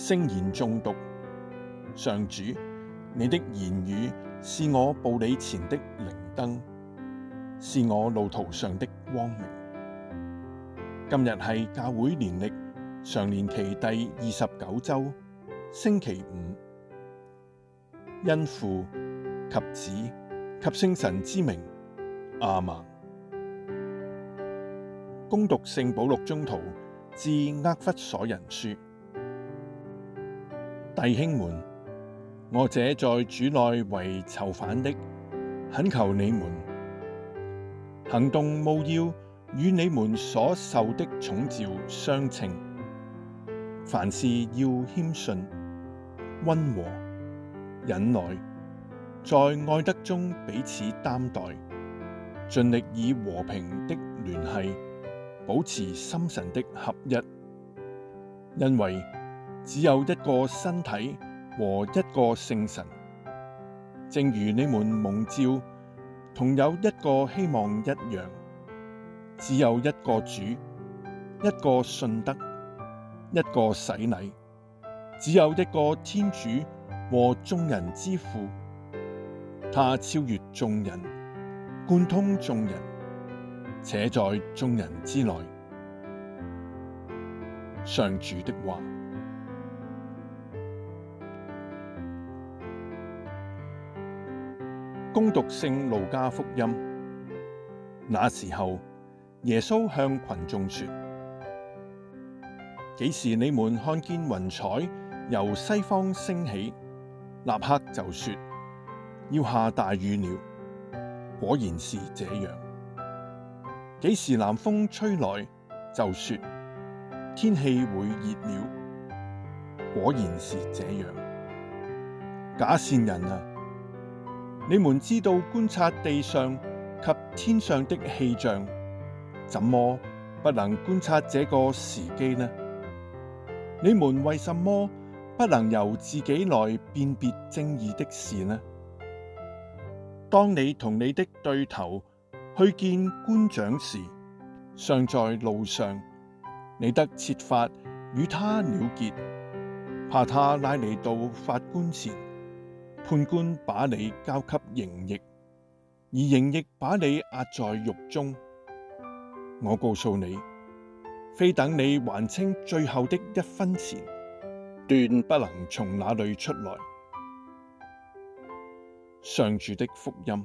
聖言誦讀，上主，你的言語是我步履前的靈燈，是我路途上的光明。今日係教會年曆常年期第二十九周，星期五，因父及子及聖神之名，阿門。恭讀聖保祿宗徒致厄弗所人書。弟兄們，我這在主內為囚犯的，懇求你們行動務要與你們所受的寵召相稱。凡事要謙遜、溫和、忍耐，在愛德中彼此擔待，盡力以和平的聯繫保持心神的合一，因為，只有一個身體和一個聖神，正如你們蒙召，同有一個希望一樣，只有一個主、一個信德、一個洗禮，只有一個天主和眾人之父。他超越眾人，貫通眾人，且在眾人之內。上主的話。恭讀聖路加福音，那時候耶穌向群眾說：幾時你們看見雲彩由西方升起，立刻就說要下大雨了，果然是這樣。幾時南風吹來，就說天氣會熱了，果然是這樣。假善人啊！你們知道觀察地上及天上的氣象，怎麼不能觀察這個時機呢？你們為什麼不能由自己來辨別正義的事呢？當你同你的對頭去見官長時，尚在路上，你得設法與他了結，怕他拉你到法官前。判官把你交給刑役，而刑役把你押在獄中。我告訴你，非等你還清最後的一分錢，斷不能從那裏出來。上主的福音。